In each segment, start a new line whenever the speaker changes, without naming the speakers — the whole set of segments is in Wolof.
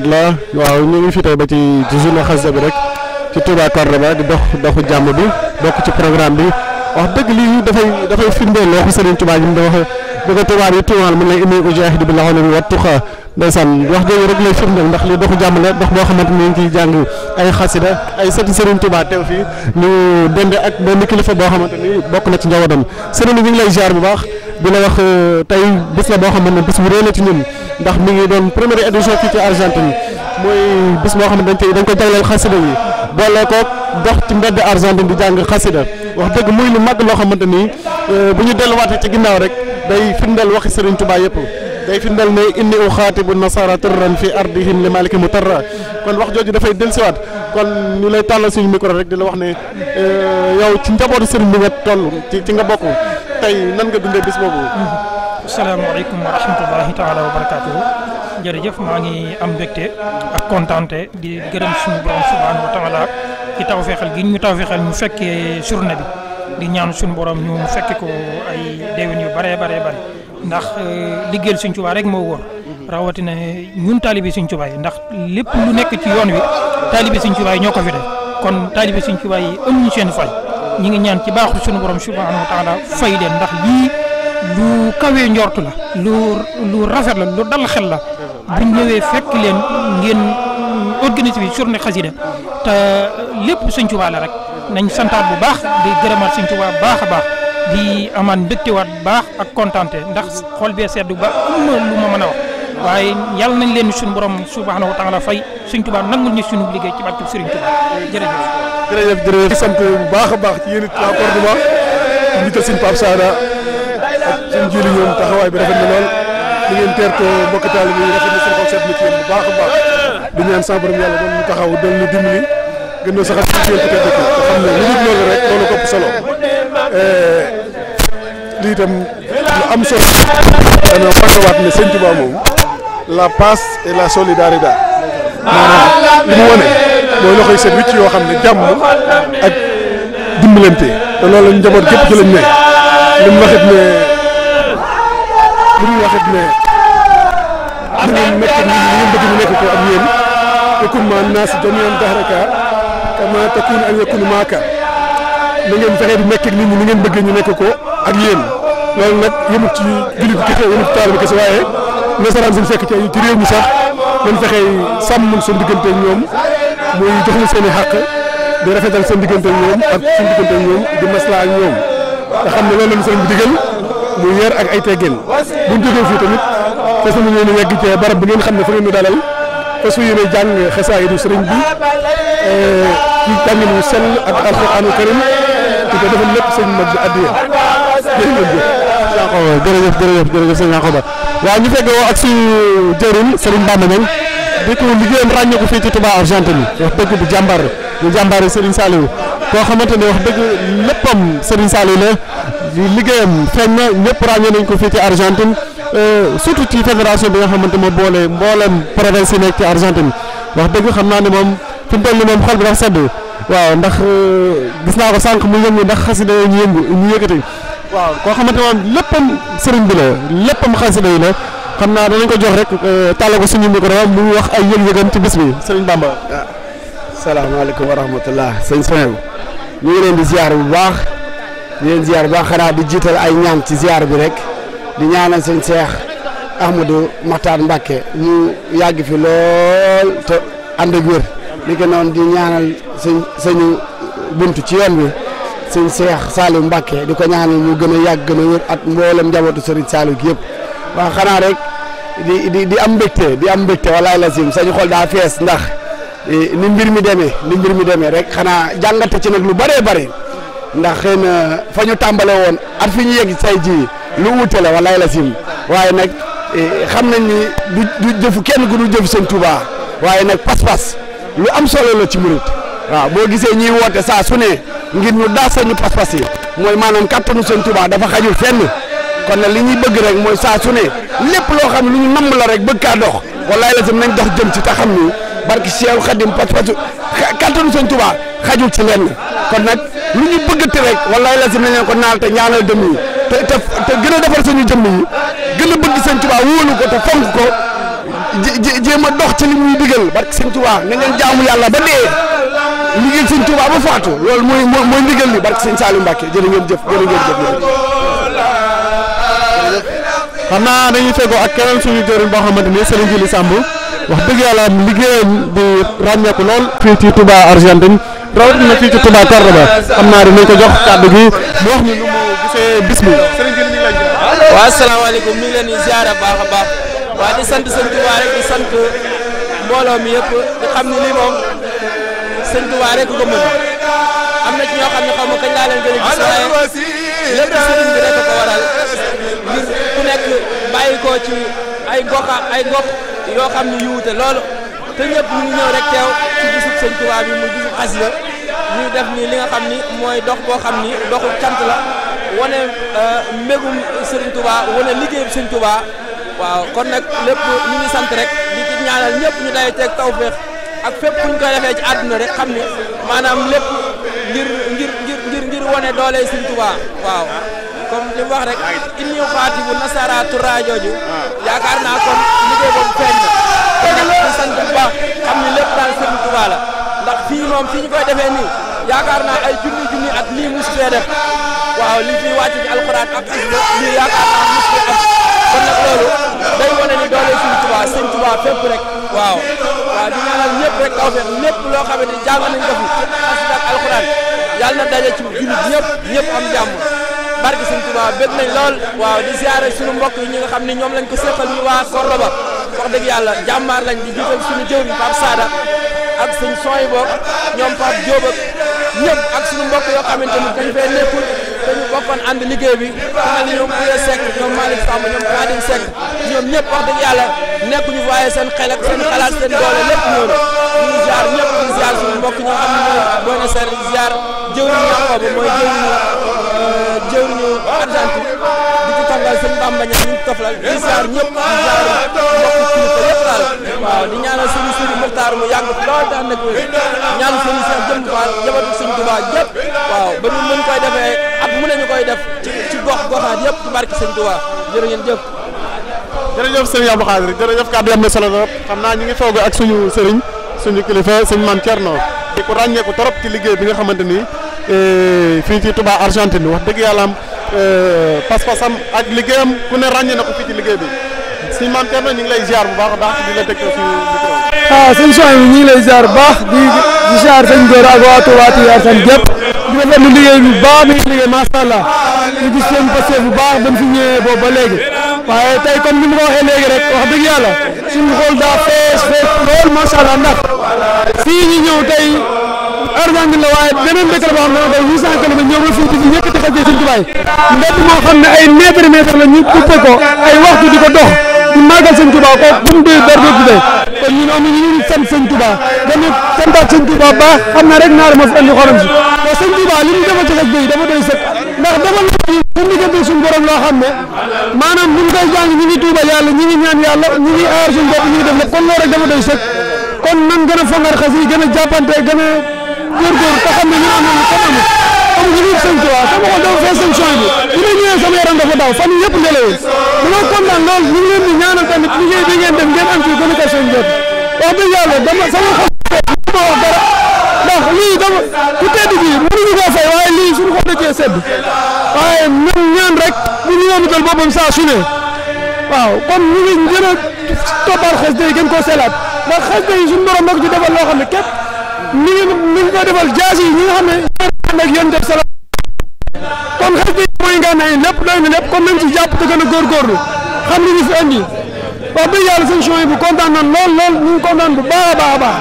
rahmatullah waaw ñu ngi fi tey ba ci journée xasida bi rek ci Touba Cordoba di dox doxu jàmm bi bokk ci programme bi wax dëgg lii dafay dafay firndeel loo xam Serigne Touba ñu ngi wax bu ko tubaab yi tuumaal mu ne inni ujahidu bi laxoon bi wattuqa ndeysaan wax jooju rek lay doxu jàmm la dox boo xamante ni ñu ngi jàng ay xasida ay sëti Serigne Touba teew fii ñu dende ak benn kilifa boo xamante ni bokk na ci njabootam Serigne bi ñu ngi lay ziar bu baax di la wax euh, tey bis la boo xamante ne bis bu réy la ci ñun ndax mi ngi doon première édition fii ci Argentine mooy bis moo xam ne dañ koy dañ ko jagleel xasida yi boole ko dox ci mbedd Argentine di jàng xasida wax dëgg muy lu mag loo xamante ni euh, bu ñu delluwaat delluwaatee ci ginnaaw rek day firndeel waxi Serigne Touba yëpp day firndeel ne inni u xaatibu nasara turran fi ardihim li maliki mu tarra kon wax jooju dafay dellusiwaat kon ñu lay tàllal suñu micro rek di la wax ne euh, yow ci njabootu Serigne bi nga toll ci ci nga bokk tey nan nga dundee bis boobu.
salaamaaleykum wa rahmatullahi taala wa barakaatuhu jërëjëf maa ngi am mbégte ak kontaante di gërëm suñu borom subhaanahu wa taala ci tawféexal gi ñu tawféexal ñu fekkee journée bi di ñaan suñu borom ñu fekke ko ay déwén yu baree baree bare ndax euh, liggéeyal suñ Tuubaa rek moo wóor rawatina ñun taalibi suñ Tuubaa yi ndax lépp lu nekk ci yoon wi taalibi suñ Tuubaa yi ñoo ko fi def kon taalibi suñ Tuubaa yi amuñu seen fay ñu ngi ñaan ci baaxul suñu borom subhaanahu wa taala fay leen ndax lu kawee njortu la lu lu rafet la lu dal xel la bu ñëwee fekk leen ngeen organisé bi journée xasida te lépp sëñ Tuubaa la rek nañ santaat bu baax di gërëmaat sëñ Tuubaa baax a baax di amaan mbégtewaat bu baax ak kontaante ndax xol bee sedd bu baax am na lu ma mën a wax waaye yàlla nañ leen suñ borom subhaanahu wa taala fay sëñ Tuubaa nangul ñu suñu liggéey ci barkeb Sëriñ Tuubaa jërëjëf jërëjëf jërëjëf sant bu baax a baax ci yéen it waa Cordoba ñu jël sëñ Pape Sada ak suñu jëli
taxawaay bi rafet na lool di ngeen teertoo mbokk taalibe yi rafet na seen xol seet bu baax a baax yàlla doon ñu taxaw doon ñu dimbali gën xam ne lu nit loolu rek solo eh, lii itam lu am solo dana fàttawaat ne sëñ Tuubaa moom la paix et la solidarité maanaam li mu wane mooy loxoy seet wicc yoo xam ne jàmm ak dimbalante te loolu njaboot gépp ci ne
li mu waxit ne li mu waxit ne li mu nekk li mu bëgg mu nekk ko ak yéen yakun maa naas jamii'an dahraka kamaa takun an yakun maaka
na ngeen fexe di nekk ak nit ñi ni ngeen bëgg ñu nekk ko ak yéen loolu nag yëmut ci jullit kese yëmut taal bi kese waaye nasaraan suñu fekk ci réew mi sax nañ fexe sàmm suñu diggante ak ñoom muy jox ñu seen i xàq di rafetal seen diggante ak ñoom ak suñu diggante ak ñoom di maslaa ak ñoom. te xam ne loolu la ñu sëriñ bi digal muy ay ak ay teggin bu ñu jógee fii tamit fas yéene yegg ci barab bu ngeen xam ne fa ngeen ñu dalal fas
yéene jàng xasaayidu sëriñ bi eh, ci jàngin wu sell ak alxuraanu karim di ko defal lépp sëñ mag bi addiya jërëjëf
jërëjëf jërëjëf jërëjëf sëñ Yankhoba waaw ñu feggoo ak suñu jëriñ Serigne Bamba Niang di ko liggéeyam ràññeeku fii ci wax dëgg bu jàmbaar la ñu koo xamante ne wax dëgg léppam Serigne Saliou la liggéeyam feeñ na ñëpp ràññee nañ ko fii ci Argentine euh, surtout ci fédération bi nga xamante moo boolee mbooleem province yi nekk ci Argentine wax dëgg xam naa ne moom fi mu toll nii moom xol bi dafa sedd waaw ndax euh, gis naa ko sànq mu yëngu ndax xasida yi ñu yëngu ñu yëkkati waaw koo xamante moom léppam sëriñ bi la léppam xasida yi la xam naa danañ ko jox rek euh, tàllal ko suñu micro mu wax ay
yëg-yëgam ci bis bi sëriñ Bamba. Ah, salaamaaleykum wa rahmatulah sëñ Soyebu. ñu ngi leen di ziar bu baax di leen ziar bu baax xanaa di jiital ay ñaan ci ziar bi rek di ñaanal sëñ Cheikh Ahmadou Makhtar Mbacke ñu yàgg fi lool te ànd ak wér li ko noonu di ñaanal sëñ sëñu ci yoon sëñ Cheikh Saliou Mbacke di ko ñaanal mu gën a yàgg gën a wér at mboolem njabootu sëriñ Saliou gi yëpp waaw xanaa rek di di di am mbégte di am mbégte walaay la sim sañu xol daa fees ndax. Eh, ni mbir mi demee ni mbir mi demee rek xanaa jàngate ci nag lu bëree bëri ndax xëy na fa ñu tàmbale woon at fi ñu yegg say ji lu wute la walaay la waaye nag eh, xam nañ ni du du kenn ku du jëf seen Tuubaa waaye nag pas am solo la ci murit waaw boo gisee ñuy woote saa su ne ngir ñu daas sañu pas-pas yi mooy maanaam kattanu seen Tuubaa dafa xajul fenn kon na li ñuy bëgg rek mooy saa su ne lépp loo xam lu ñu namm la rek bëgg kaa dox walaay la sim nañ dox jëm ci te xam ni barki Cheikh Khadim pas-pasu kattanu Sëñ Tuubaa xajul ci lenn kon nag lu ñu bëgg te rek wallaay la si nañ ko naal te a dëmm yi te te te gën a defar suñu jëmm yi gën a bëgg Sëñ Tuubaa wóolu ko te fonk ko jéem a dox ci li muy digal barki Sëñ Tuubaa nañ leen jaamu yàlla ba dee liggéey Sëñ Tuubaa ba faatu loolu mooy mooy
ndigal li barki Sëñ Saliou Mbacke jërë ngeen jëf jërë ngeen jëf xam naa dañuy fegoo ak keneen suñu jëriñ boo xamante ni Serigne Jili Samb wax dëgg yàlla liggéeyam di ràññeeku lool fii ci Touba Argentine rawat na fii ci Touba Cordoba
xam naa dinañ ko jox kàddu gi mu
ni nu mu gisee bis bi sëriñ bi ñu lañ waaw asalaamaaleykum di ziara baax a baax sant sëñ Touba rek di sant mbooloo mi yëpp di xam ni lii moom sëñ Touba rek ko mën am na ci ñoo xam ne xaw ma kañ laa leen gën a gis waaye lépp sëriñ bi rek ko waral ngir ku nekk bàyyi ko ci ay gox ay yoo xam ni yu wute loolu te ñëpp ñu ngi ñëw rek teew ci bisub sëñ Tuubaa bi mu bisub xasida ñu def ni li nga xam ni mooy dox boo xam ni doxu cant la wane euh, mbégum sëriñ Tuubaa wane liggéeyam sëñ Tuubaa waaw kon nag lépp ñu sant rek di ñaanal ñëpp ñu day teg tawféex ak fépp fu ñu koy defee ci àdduna rek xam ni maanaam lépp ngir ngir ngir ngir ngir wane doole sëñ waaw comme li wax rek inni xaatibu nasaraatu raajooju yaakaar naa kon liggéey boobu feeñ na kon sant bu baax xam ni lépp daal Sëriñ Tuubaa la ndax fii moom fii ñu koy defee nii yaakaar naa ay junni junni at lii mus fee def waaw li fii wàcc ci alxuraan ak xasida lii yaakaar naa mus fee loolu day wane ni doole Sëriñ Tuubaa Sëriñ Tuubaa fépp rek waaw waaw di ñaanal ñëpp rek taw feex lépp loo xamante ni jàng nañ ko fi xasida ak alxuraan yàlla na daje ci jullit ñëpp barke Sëñ Tuubaa bëgg nañ lool waaw di siyaare suñu mbokk yi nga xam ne ñoom lañ ko seqal ñu waa Cordoba wax dëgg yàlla jàmmaar lañ di jiital suñu jëw bi Pape Sada ak suñ sooy boog ñoom Pape Diop ak ñëpp ak suñu mbokk yoo xamante ni dañ fee nekkul te ñoom Kouya Seck ñoom Malick Samb ñoom Khadim wax dëgg yàlla nekkuñu waaye seen xel seen xalaat seen doole lépp ñoom ñu ziar ñëpp di suñu mbokk ñoo xam ne mooy boo ne seen ziar jëw ñu ñàkkoo ba jëwriñu Argentine di ci tàngal sëñ Bamba ñaan ñu toflal di ziar ñëpp di ziar mbokk kilifa yëpp daal waaw di ñaanal mu yàgg lool waaw ba ñu mën koy defee at mu ne ñu koy def ci ci gox goxaat yëpp ci barke sëñ Tuubaa jërë ngeen jëf
jërëjëf sëriñ Abdou Khadir jërëjëf kàddu naa ñu ngi toog ak suñu sëriñ suñu kilifa sëñ Mame Thierno di ko ràññeeku trop ci liggéey bi nga xamante ni Eh, fii ci Touba Argentine wax dëgg yàlla am eh, pas-pasam ak liggéeyam ku ne ràññee na ko fii ci liggéey bi suñu maam Thierno ñu ngi lay ziar bu baax a baax di la teg ci micro
waaw suñu soxna bi ah, ñu ngi lay ziar bu baax di di ziar sëñ Gora ak waa Touba ci Argentine gépp di rafetlu liggéey bu baax mi ngi liggéey macha allah ñu gis seen passé bu baax ba mu fi ñëwee boobu ba léegi waaye tey comme ni mu ko waxee léegi rek wax dëgg yàlla suñu xool daa fees fees lool macha allah ndax fii ñu ñëw tey. argent la waaye beneen dëkkal boo xam ne day 800 kilomètres ñoom la fii di yëkkati xajee suñ tubaay mbedd moo xam ne ay mètre mètre la ñu coupé ko ay waxtu di ko dox di màggal sëñ Tuubaa ko bu mu doy dara du doy kon ñun am nañu ñu
sant sëñ Tuubaa naa rek naar moo fi andi xorom si te sëñ Tuubaa
li ñu defal ci xaj bi dafa doy sëkk ndax dafa la ñu ñu diggante suñu loo xam ne maanaam bu ñu koy jàng ñu ngi tuubal yàlla ñu ngi ñaan yàlla ñu ngi kon loolu rek dafa doy sëkk kon nan gën a fongar xas gën a jàppante gën a góorgóor te xam ne ñu am nañu kenn amul amul lu dul sëñ sama xol dafa fees sëñ Suwaybu bi bu ma sama yaram dafa daw fan yëpp ngelaw dama kontaan lool ñu ngi di ñaanal tamit liggéey bi ngeen dem ngeen am ci gën a ko seen jot wax dëgg yàlla dama sama xol ma wax dara ndax lii xol da cee sedd waaye ñaan rek bu ñu yombital boppam saa su ne waaw kon ñu ngi gën a xes day gën koo selaat xes day suñu borom moo ko ci defal loo xam ne mi ngi mi ngi ko defal jaas yi ñi nga xam ne ànd ak yonent bi sala kon xas bi mooy nga ne lépp doy na lépp kon nañ ci jàpp te gën a góorgóorlu xam li ñu fi andi wax dëgg yàlla bu kontaan nan lool lool ñu ngi kontaan bu baax a baax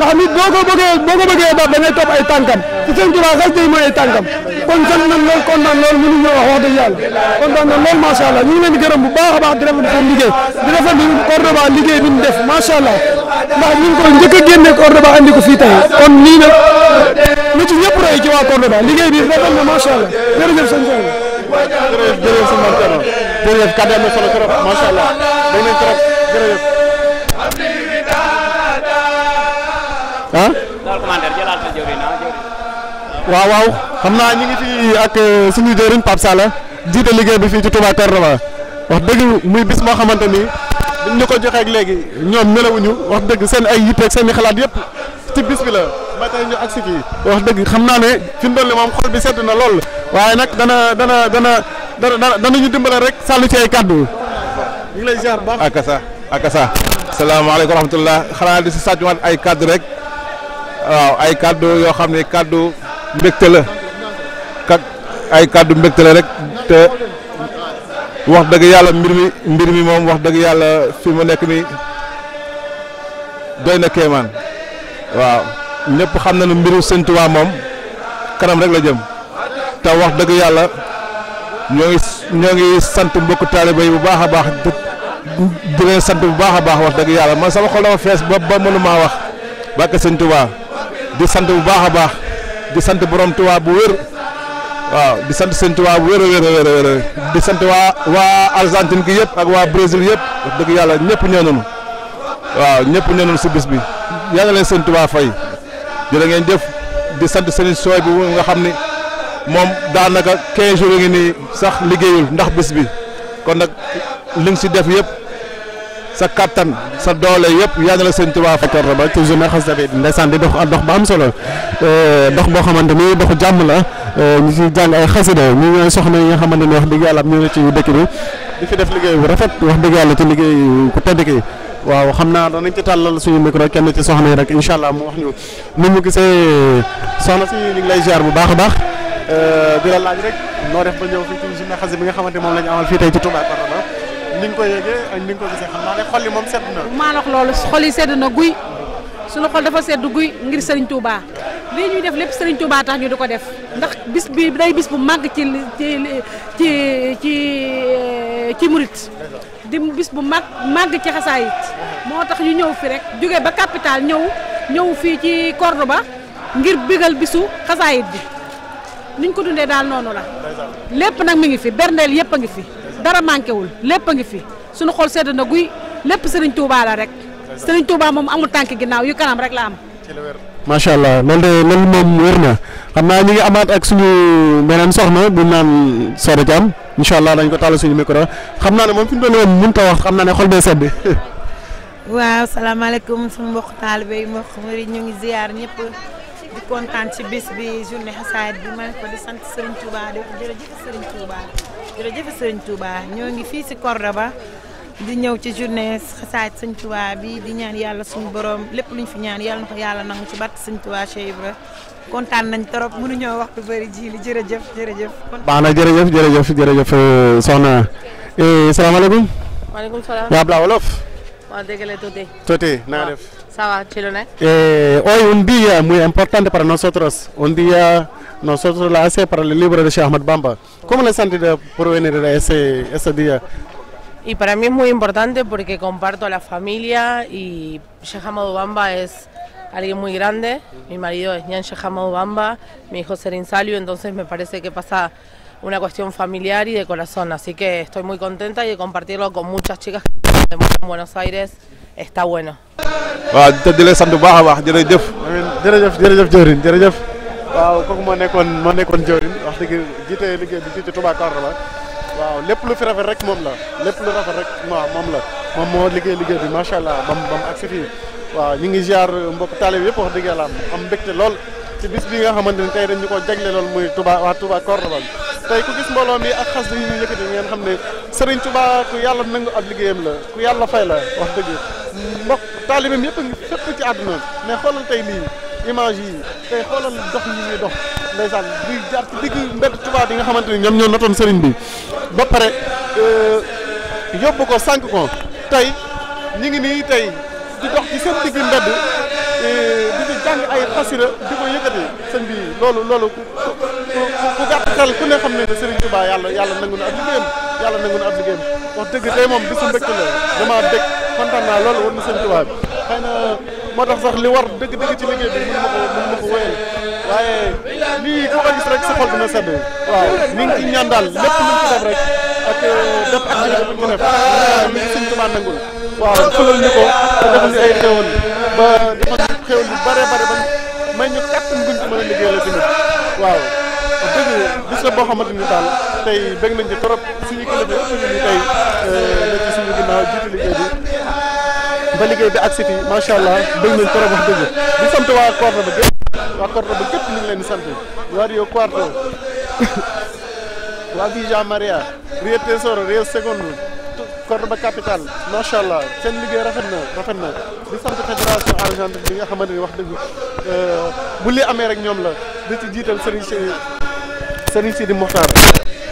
a boo ko bëggee boo ko bëggee baax ay tànkam te seen tubaab xas day mooy ay tànkam kon sant nañ lool kontaan lool mënuñu ñoo wax lool macha allah ñu ngi leen gërëm bu baax a baax di rafetlu seen liggéey di rafetlu Cordoba liggéey bi ñu def macha allah ndax ñu ngi njëkk a génne Cordoba andi ko fii tey kon nii nag lu ci ñëpp roy ci waa Cordoba liggéey bi rafet na macha allah jërëjëf sëñ Thierno. jërëjëf jërëjëf sëñ Mame Thierno jërëjëf kàddu
na solo trop macha allah dégg
nañ
trop xam naa ñu ngi fii ak euh, suñu jëriñ Pape Sall jiite liggéey bi fii ci Touba Cordoba wax dëgg muy bis moo xamante ni dañ ñu ko joxee léegi ñoom nelawuñu wax dëgg seen ay yitteeg seen xalaat yëpp ci bis bi la ba wax dëgg xam naa ne fi ni toll moom xol bi sedd na lool waaye nag dana dana dana dana danañu dimbale rek sàllu ci ay kàddu. ñu ngi lay ziar baax akasa akasa salaamaaleykum wa rahmatulah xanaa di si sàccuwaat ay kàddu rek waaw ay kàddu yoo xam ne kàddu mbégte la. ay kàddu mbégte la te wax dëgg yàlla mbir mi mbir mi moom wax dëgg yàlla fi mu nekk nii doy na kéemaan waaw ñépp xam na ne mbiru Sëñ Tuubaa moom kanam rek la jëm te wax dëgg yàlla ñoo ngi ñoo ngi sant mbokk taaliba yi bu baax a baax di leen sant bu baax a baax wax dëgg yàlla man sama xol dafa fees ba ba wax barke Sëñ Tuubaa di sant bu baax a baax di sant borom Tuubaa bu wér waaw di sant sëñ Tuubaa bu wér a wér a wér di sant waa waa Argentine gi yëpp ak waa Brésil yëpp wax dëgg yàlla ñëpp ñëw nañu waaw ñëpp ñëw nañu si bis bi yàlla leen sëñ Tuubaa fay jërë ngeen jëf di sant sëñ sooy bi nga xam ni moom daanaka 15 jours ngi nii sax liggéeyul ndax bis bi kon nag li nga si def yëpp sa kattan sa doole yëpp yaa ngi la sëñ Tuubaa fa ba toujours na xas tamit ndeysaan di dox dox ba am solo euh, dox boo xamante ni doxu jàmm la. Euh, ñu fi jàng ay xasida ñu soxna yi nga xamante ne wax dëgg yàlla am ñoo ne ci dëkk bi di fi def liggéey bu rafet wax dëgg yàlla ci liggéey ku tedd ki waaw xam naa danañ ci tàllal suñu micro kenn ci soxna yi rek incha allah mu wax ñu nu mu gisee soxna si ñu lay ziar bu baax a baax euh, di la laaj rek noo def ba ñëw fii bi nga xamante moom la amal fii tey ci Touba Arona ni nga ko yëgee ak ni ko gisee xam naa ne xol yi moom sedd na.
maa loolu xol yi sedd na guy suñu xol dafa sedd guy ngir Serigne Touba lii ñuy def lépp Serigne Touba tax ñu di ko def ndax bis bi day bis bu màgg ci ci ci ci euh, ci murit di bis bu mag màgg ci xasaayit moo tax ñu ñëw fi rek jóge ba capital ñëw ñëw fii ci ba ngir bégal bisu xasaayit bi niñ ko dundee daal noonu la lépp nag mi ngi fi berndeel yëpp a ngi fi dara manqué wul lépp a ngi fi suñu xool sedd na guy lépp Serigne Touba la rek Serigne Touba moom amul tànk ginnaaw yu kanam rek la am
macha allah loolu de loolu moom wér na xam naa ñu ngi amaat ak suñu beneen soxna bu naan Soda Thiam incha allah dañ ko tàll suñu micro xam naa ne moom fi mu doon woon mënut wax xam naa ne xol bee sedd.
waaw salaamaaleykum suñu mbokk taalibe yi mbokk murid ñu ngi ziar ñëpp di kontaan ci bis bi journée xasaayid bi ma ko di sant Serigne Touba di wax jërëjëf Serigne Touba jërëjëf Serigne Touba ñoo ngi fii ci Cordoba. di ñëw ci journée xasaayit sëñ Tuubaa bi di ñaan yàlla suñu borom lépp lu luñ fi ñaan yàlla na ko nangu ci batt sëñ Tuubaa Cheikh Ibra kontaan nañ trop mënuñoo wax lu bëri ji li jërëjëf jërëjëf.
baax na jërëjëf jërëjëf jërëjëf euh, soxna eh, salaamaaleykum.
maaleykum salaam
yaa Abla Wolof. waaw dégg la
Toté. na nga def.
ça va ci lu nekk.
hoy eh, un día muy importante para nosotros un día nosotros la hace para el libro de Cheikh Ahmad Bamba. ¿Cómo le sentís de provenir de ese ese día?
Y para mí es muy importante porque comparto a la familia y Yehamadu es alguien muy grande. Mi marido es Nyan Yehamadu mi hijo Serin entonces me parece que pasa una cuestión familiar y de corazón. Así que estoy muy contenta y de compartirlo con muchas chicas que en Buenos Aires está bueno.
waaw di leen sant bu baax a baax jërëjëf. jërëjëf waaw lépp lu fi rafet rek moom la lépp lu rafet rek waaw moom la moom moo liggéey liggéey bi macha allah bam bam ak si waaw ñu ngi ziar mbokk taalib yëpp wax dëgg yàlla am mbégte lool ci bis nga xamante ni tey dañu ko jagle lool muy Touba waa Touba Cordoba tey ku gis mbooloo mi ak xas dañuy yëkkati ngeen xam ne Serigne Touba ku yàlla nangu ab liggéeyam la ku yàlla fay la wax dëgg mbokk taalibam yëpp ngi fépp ci àdduna mais xoolal tey lii image yi tey xoolal dox yi ñuy dox ndeysaan di jaar ci digg mbedd Touba bi nga xamante ni ñoom ñoo notoon sëriñ bi ba pare euh, yóbbu ko sànq ko tey ñu ngi nii tey di dox ci seen digg mbedd euh, di di jàng ay xasira di ko yëkkati sëñ bi loolu loolu ku ku gàtt xel ku ne xam ne ne Serigne Touba yàlla yàlla nangu na ab liggéeyam yàlla nangu na ab liggéeyam wax dëgg tey moom bisu mbégte la dama dégg kontaan naa loolu war na sëñ Touba bi xëy na moo tax sax li war dëgg dëgg ci liggéey bi mën ma ko waaye lii ku ko gis rek sa xol dina sedd waaw ñu ngi ci ñaan daal lépp lu ci rek ak euh, def activité bu ñu def ñu ngi suñu tubaab nangul waaw ñu ko te defal ñu ay xéwal ba defal ñu xéwal yu bare bare ba may ñu kàttan buñ ci mën a liggéeyal tamit waaw dëgg gis la boo xamante ni daal tey bëgg nañ ci trop suñu kilifa yëpp ñu tey euh, ci suñu ginnaaw jiitu liggéey ba liggéey bi agsi fii macha allah bëgg nañ trop wax dëgg di sant waa Kordoba gépp waa ñu leen di sant Wario Quarto waa Villa Maria Rio Tesoro Rio Segundo Cordoba capital macha allah seen liggéey rafet na rafet na di sant fédération argentine bi nga xamante ni wax dëgg euh, bu li amee rek ñoom la di ci jiital Serigne Sidi Serigne Sidi Mokhtar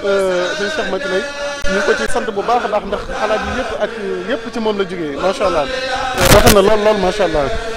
euh, suñu Cheikh Matilay ñu ngi ko bu baax a baax ndax xalaat yi yëpp ci moom la jógee macha allah. rafet na lool lool macha allah.